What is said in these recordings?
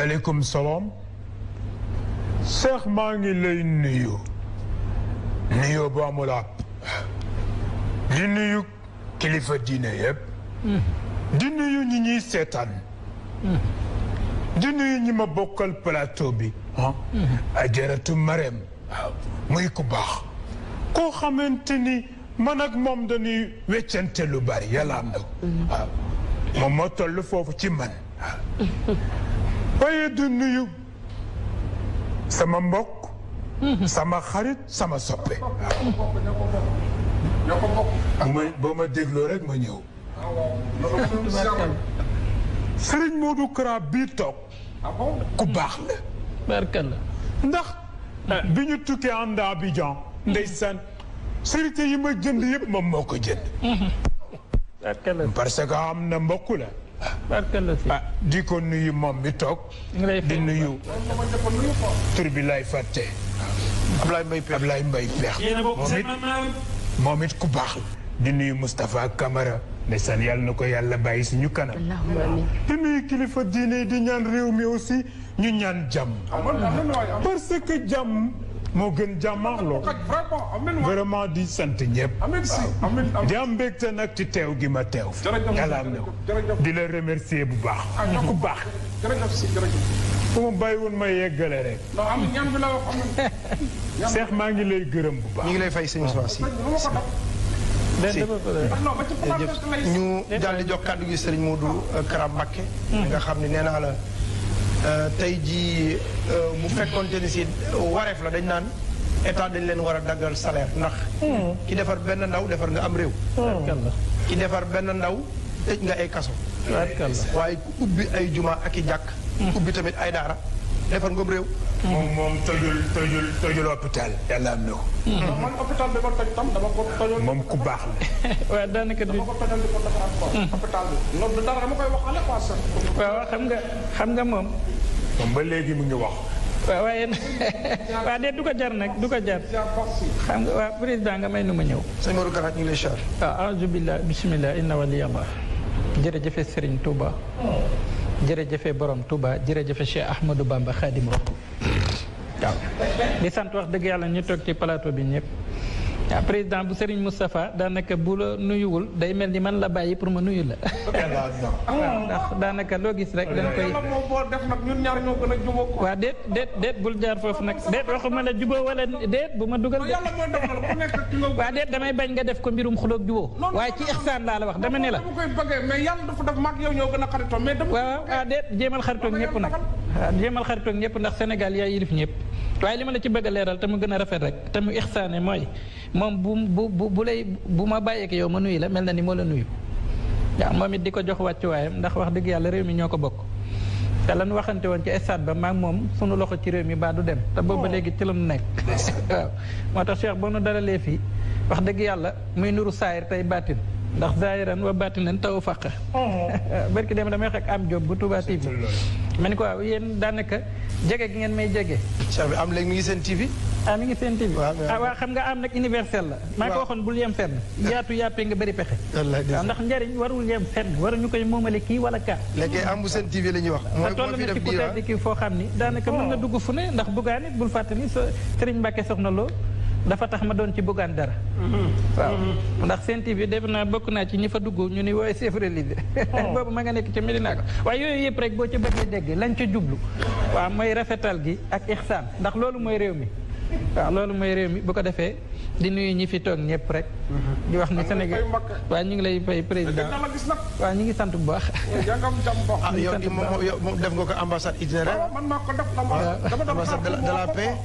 waaleykum salaam. seex maa ngi lay nuyu. nuyu bu amul àpp. di nuyu kilifa diine yëpp. di nuyu ñi ñuy seetaan. di nuyu ñi ma bokkal plateau bi. Ah. ajaratu mareem muy ku baax. koo xamante ni man ak moom dañuy weccante lu bari yàlla am na ko. Ah. moom moo toll foofu ci man. Ah. waaye du nuyu sama mbokk sama xarit sama soppe boo ma dégloo rek ma ñëw sëriñ Modou Kara bii toog ku baax la ndax bi ñu tukkee ànd Abidjan ndeysaan sërite yi ma jënd yëpp moom moo ko jënd parce que am na mbokk la ah di ko nuyu moom mi toog. di nuyu. tur bi lay fàtte. Ablaye Mbaye Peex Ablaye moom it moom it ku baax la. di nuyu Moustapha Camara. ndeysaan yàlla na ko yàlla bàyyi suñu kanam. di nuyu kilifa diine di ñaan réew mi aussi ñu ñaan jàmm. parce que jàmm. moo gën jàmmaarloo vraiment di sant ñëpp di am mbégte nag ci teew gi ma teew fi yàlla am di la remercier bu baax ku baax fu mu bàyyi woon ma yeggale rek Cheikh maa ngi lay gërëm bu baax ñu ngi lay fay sëñ Soasi ah, si ah, ñu daal di jox kàddu gi sëriñ Modou euh, Karam Mbakke hmm. nga xam ne nee naa la Euh, tey jii mu euh, fekkonte ni si euh, wareef la dañ naan état dañ leen war a daggal salaire ndax. ki defar benn ndaw defar nga am réew. ki defar benn ndaw tëj nga ay kaso. waaye ubbi ay juma ak i jàkk. ubbi tamit ay daara defar nga am réew. moom moom tojul tojul tojul hôpital. yàlla na ko. man hôpital moom ku baax la. waaw daanaka hmm. waaw xam nga xam nga moom. moom ba léegi mu ngi wax. waaw waaye waaw de du ko jar nag du ko jar xam nga président nga may nu ma ñëw. sëñ Modou Kara ñu ngi lay char. waaw ah, alhamdulilah bisimilah inna waliyallah. jërëjëfe Serigne Touba. jërëjëfe Borom Touba jërëjëfe Cheikh Ahmadou Bamba Khadim Rasoul sant wax dëgg yàlla ñu toog ci plateau bi ñëpp. waaw président bu Serigne Moustapha daanaka bu la nuyuwul day mel ni man la bàyyi pour ma nuyu la. waaw daanaka loo gis rek dañ koy. waaw déet déet déet bul jaar foofu nag déet waxuma la jubóo wala déet bu ma dugal. waaw déet damay bañ nga def ko mbirum xuloog jubóo. waaye ci ixsaan laa la wax dama ne la. waaw waaw ah, déet jéemal xaritoog ñëpp nag. waaw ah, jéemal xaritoog ñëpp ndax Sénégal yaa yilif ñëpp. waaye li ma la ci bëgg a leeral te mu gën a rafet rek te mu ixsaane mooy moom bu bu bu bu lay bu ma bàyyeek yow ma nuyu la mel na ni moo la nuyu waaw moom it di ko jox wàccuwaayam ndax wax dëgg yàlla réew mi ñoo ko bokk te nu waxante woon ci stade ba maag moom sunu loxo ci réew mi baa du dem te booba léegi ci la nu nekk waaw moo tax Cheikh boo nu dalalee fii wax dëgg yàlla muy nuru saayir tey baatin ndax zaahiran wa baatinan taw faqa mm-hmm. barki dem damay wax am job bu Touba jege gi ngeen may jege. cheikh bi am léegi mi ngi seen TV. ah mi ngi seen TV. ah waa xam nga am nag universel la. maa ko waxoon bul yem fenn. yaatu yàppee nga bëri pexe. ndax njariñ warul yem fenn ñu koy moomale kii wala kaa. léegi am bu seen TV la ñuy wax. mooy ah, moo fi def diiwaan toll na ci ku tedd kii foo xam ni. daanaka mën nga oh. dugg fu ne ndax bugaani bul fàttali sa Serigne Mbacke soxna loo dafa tax ma doon ci buggaan dara. waaw mm-hmm. ndax seen bi def naa bokk naa ci ñi fa dugg ñu ni woowee chef religieux. Oh. boobu ma nga nekk ca Medina ko waaye yooyu yëpp rek boo ca bëggee dégg lañ ca jublu. waaw mooy rafetal gi ak ixsaan ndax loolu mooy réew mi. waaw loolu mooy réew mi bu ko defee di nuyu ñi fi toog ñëpp rek. Mm-hmm. di wax ni Sénégal waaw ñu ngi lay fay président waaw ñu ngi sant bu baax. yow ah, def nga ko ambassade itinéraire. waaw ambassade de la paix.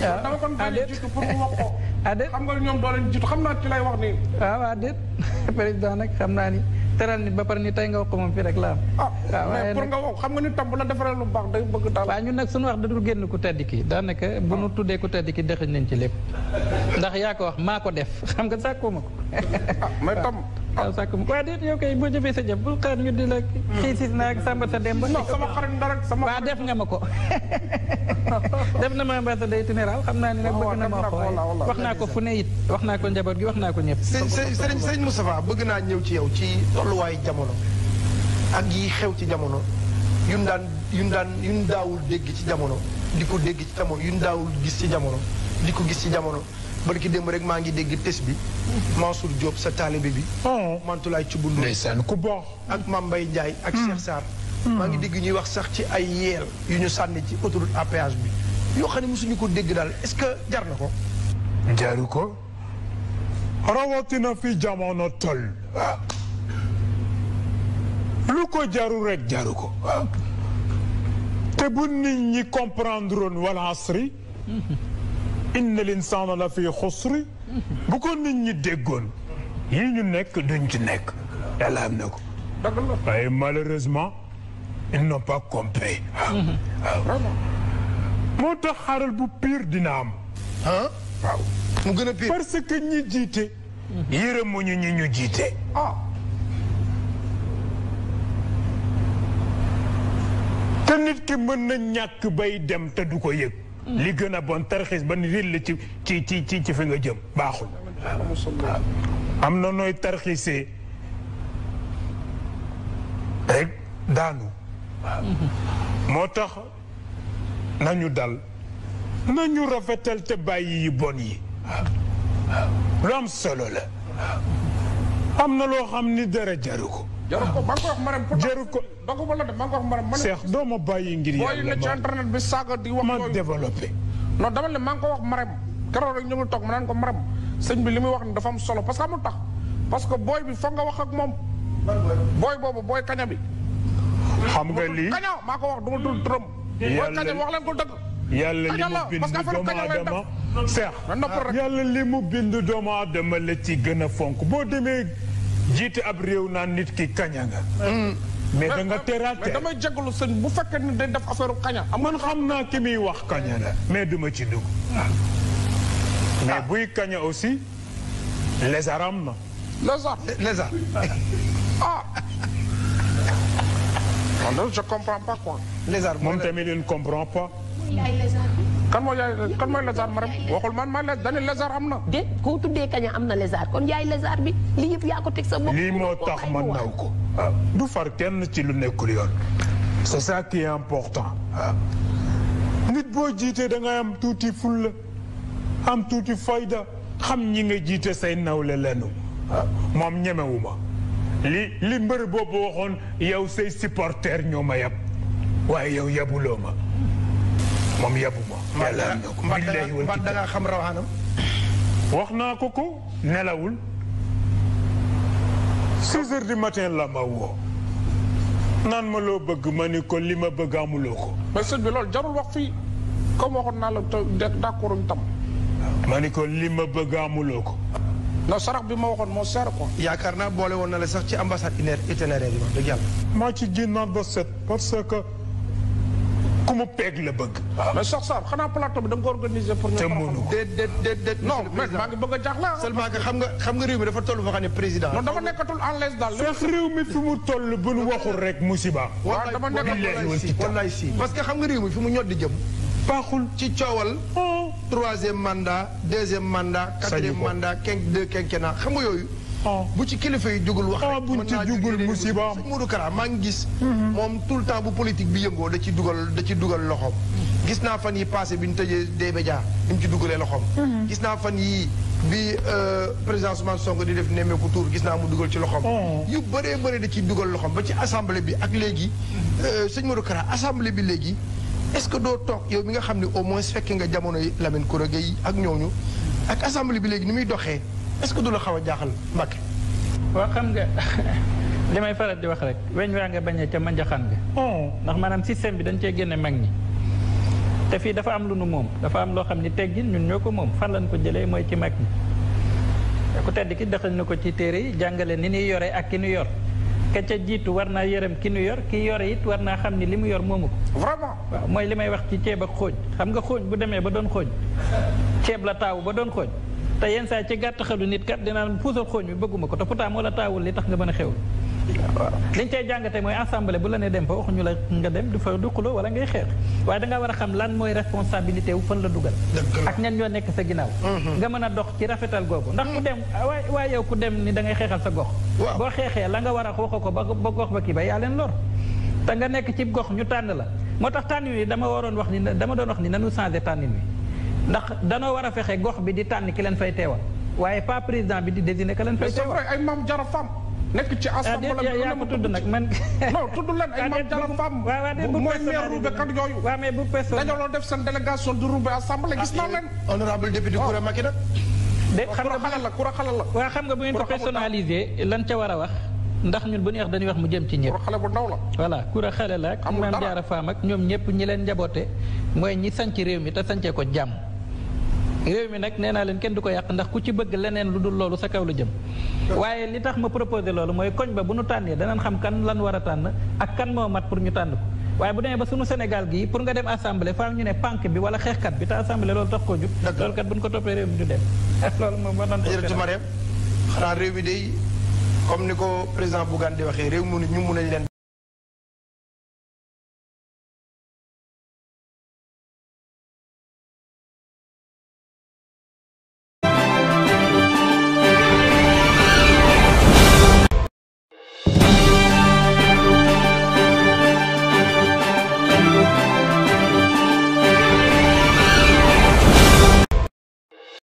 dama kon bañ a jiitu pour ñoom doo leen xam naa ci lay wax nii. waaw waaw déet président nag xam naa ni teral nit ba pare ni tey nga wax ko moom fii rek laa am. Ah, waaw mais pour nga wax xam nga ni tam bu la defaree lu baax day bëgg daal. waaw ñun nag suñu wax da dul génn ku tedd ki daanaka bu nu ah. tuddee ku tedd ki dexuñ nañ ci lépp ndax yaa ko wax maa ko def xam nga sàkkoo ko. Ah, mais tam. waaw sàkk mu waaw déet boo jëfee sa jëf bul xaar ñu di la. xiisis dem ba. non sama def nga ma ko. def na ma ambassadeur itinéral xam naa ne nag bëgg oh, wax naa ko fu ne it wax naa ko njaboot gi wax ko ñëpp. sëriñ sëriñ Moustapha bëgg naa ñëw ci yaw ci tolluwaayu jamono ak gi xew ci jamono yun daan yun daan yun daawul dégg ci jamono di ko dégg ci jamono yun daawul gis ci jamono di ko gis ci jamono. ki démb rek maa ngi dégg tes bi Mansour Diop sa taalibe bi oh. Mantulaay ci bundu ndeysaan ku bon ak Mame Mbaye ak hmm. Cheikh Sarr hmm. maa ngi dégg ñuy wax sax ci ay yeel yu ñu sànni ci autoroute à bi yoo xam ne mosuñu ko dégg daal est-ce que jar na ko jaru ko rawatina fi jamono toll ah. lu ko jaru rek jaru ko ah. te bu nit ñi comprendre wala asri hmm. inna l'insaana la fi xusri bu ko nit ñi déggoon yii ñu nekk duñ ci nekk yàlla am na ko waaye malheureusement ils n'ont pas compris moo tax xaral bu pire dina am ah waaw mu gën a pire parce que ñi jiite mhm. yërëmuñu ñi ñu jiite ah. te nit ki mën na ñàkk bay dem te du ko yëg li gën a bon tarxiis ba ni la ci ci ci ci fi nga jëm baaxul. am na nooy tarxiisee rek daanu. moo tax nañu dal nañu rafetal te bàyyi yi bon yi. lu am solo la. am na loo xam ni dara jaru ko. jarul ko maa ngi ko wax Marème pour. jarul ko donc wala maa ngi ko wax Marème. ma ne Cheikh doo ma bàyyi ngir yàlla ma ma développé. non dama ne maa ko wax Marème ma naan bi li muy wax ni dafa am solo parce que amul tax parce que booy bi foog nga wax ak moom. booy boobu booy kaña bi. xam nga lii kaña maa ko wax du ma tudd turam. yàlla booy kaña bi wax leen ko dëgg. yàlla li mu bind doomu aadama Cheikh yàlla li mu bind doomu aadama la ci gën a fonk boo demee jiite ab réew naan nit ki kaña nga. mais da nga teraat mais damay jégalu sëñ bu fekkee ni day def affaire kaña. man xam naa ki muy wax kaña la mais duma ci dugg. Ah. mais buy kaña aussi les aram na. les eh, les ah. ah. non je comprends pas quoi. ne comprend pas. kan mooy yaay ma mooy lézard maram waxul man ma les dañu lézard am na. de koo tuddee kaña am na lézard kon yaay lézard bi li yëpp yaa ko teg sa bopp. lii moo tax ma naw ko. Ah, du far kenn ci lu nekkul yoon. sa ça qui est important. Ah, nit boo jiitee da am tuuti fulla am tuuti fayda xam ñi nga jiite say nawle lenu ah, moom ñemewuma ma li li mbër boobu waxoon yow say supporter ñoo ma yab waaye yow yabuloo ma. moom yabu ma. yàlla na da nga xam rawaanam. wax naa ko ko nelawul. 6 heures du matin la ma woo. naan ma loo bëgg ma ni ko li ma bëgg amuloo ko. mais sëñ bi loolu jarul wax fii comme waxoon naa la d'accord um tam. ma ni ko li ma bëgg amuloo ko. non sarax bi ma waxoon moo seer ko. yaakaar naa boole woon na la sax ci ambassade itinéraire bi wax dëgg yàlla. maa ci génnaat ba set parce que. ku mu peeg la bëgg. waaw ah, mais sax sax xanaa plateau bi da nga pour. te mënu ko déet déet déet non maa ngi bëgg a jaaxle. Ah. seulement que xam nga xam nga réew mi dafa toll foo xam ne président. non dama nekkatul en l'aise daal. sax réew mi fi mu toll bu nu waxul rek musiba. waaw dama parce que xam nga réew fi mu ñor di jëm. baaxul ci coowal. Ah. troisième mandat deuxième mandat. quatrième mandat quin deux quinquennat xam nga yooyu. Oh. bu ci kilifa yi jógul wax oh, buñ ci jógul musiba am Modou Kara maa ngi gis mm-hmm. moom tout le temps bu politique bi yëngoo da ci dugal da ci dugal loxoom mm-hmm. gis naa fan yi passé bi ñu tëjee D-Media ci dugalee loxoom mm-hmm. gis naa fan yi bi euh, président Ousmane Sonko di def ku tour gis naa mu dugal ci loxoom oh. yu bëree bëri da ciy dugal loxoom ba ci assemblée bi ak léegi euh, sëñ Modou Kara assemblée bi léegi est-ce que doo toog yow mi nga xam ne au moins fekke nga jamono yi Lamine Kouré Gueye ak ñooñu ak assemblée bi léegi ni muy doxee est ce que du la xaw a jaaxal Mbacke. waaw xam nga li may faral di wax rek weñ waa nga bañee ca manjaxaan nga. Hmm. ndax maanaam système bi dañ cee génne mag ñi. te fii dafa am lu nu moom dafa am loo xam ni teggin ñun ñoo ko moom fan lañ ko jëlee mooy ci mag ñi. ku tedd ki dëxal na ko ci téere yi jàngale ni nuy yore ak ki ñu yor ka jiitu war naa yërëm ki ñu yor ki yore it war naa xam ni li mu yor moomu ko. vraiment mooy li may wax ci ceeb ak xooñ xam nga xooñ bu demee ba doon xooñ ceeb la taaw ba doon xooñ. te yenn saa ci gàtt xelu nit kat dinaan puusal xooñ mi bëgguma ko te pourtant moo la taawul li tax nga mën a xew waaw liñ cay jàngate mooy assemblée bu la nee dem fa waxuñu la nga dem du fa du wala ngay xeex waaye da nga war a xam lan mooy responsabilité wu fan la dugal ak nen ñoo nekk sa ginaaw mhm. nga mën a dox ci rafetal googu ndax ku dem mhm. waaye waay yow ku dem ni da ngay xeexal sa gox boo xeexee la nga war a waxoo ko ba gox ba kii ba yaa leen lor te nga nekk ci gox ñu tànn la moo tax tànnin wi dama waroon wax ni dama doon wax ni nanu changé tànnin wi ndax danoo war a fexe gox bi di tànn ki leen fay teewal waaye pas président bi di désigner ka leen fay teewal ay maam jara fam nekk ci assemblée bi yaa ko tudd nag man. non tudd mais bu personne dañoo def seen délégation du Roubaix assemblée gis naa ah, leen. honorable député Koura Macky nag. de xam nga la Koura xalal xam nga bu ngeen ko personnalisé lan ca war a wax. ndax ñun bu ñuy wax dañuy wax mu jëm ci ñëpp xale bu ndaw la voilà kura xale la ak maam jaara faam ak ñoom ñëpp ñi leen njaboote mooy ñi sanc réew mi te sancee ko jàmm réew mi nag nee naa leen kenn du ko yàq ndax ku ci bëgg leneen lu dul loolu sa kaw la jëm waaye li tax ma proposé loolu mooy koñ ba bu nu tànnee danañ xam kan lan war a tànn ak kan moo mat pour ñu tànn ko waaye bu demee ba sunu Sénégal gi pour nga dem assemblée faaw ñu ne pànk bi wala xeexkat bi te assemblée loolu tax koo jub loolu kat bu ñu ko toppee réew mi du dem loolu moom ma doon jërëjëf réew mi day comme ni ko président Bougane di waxee réew mu ñu mun nañ leen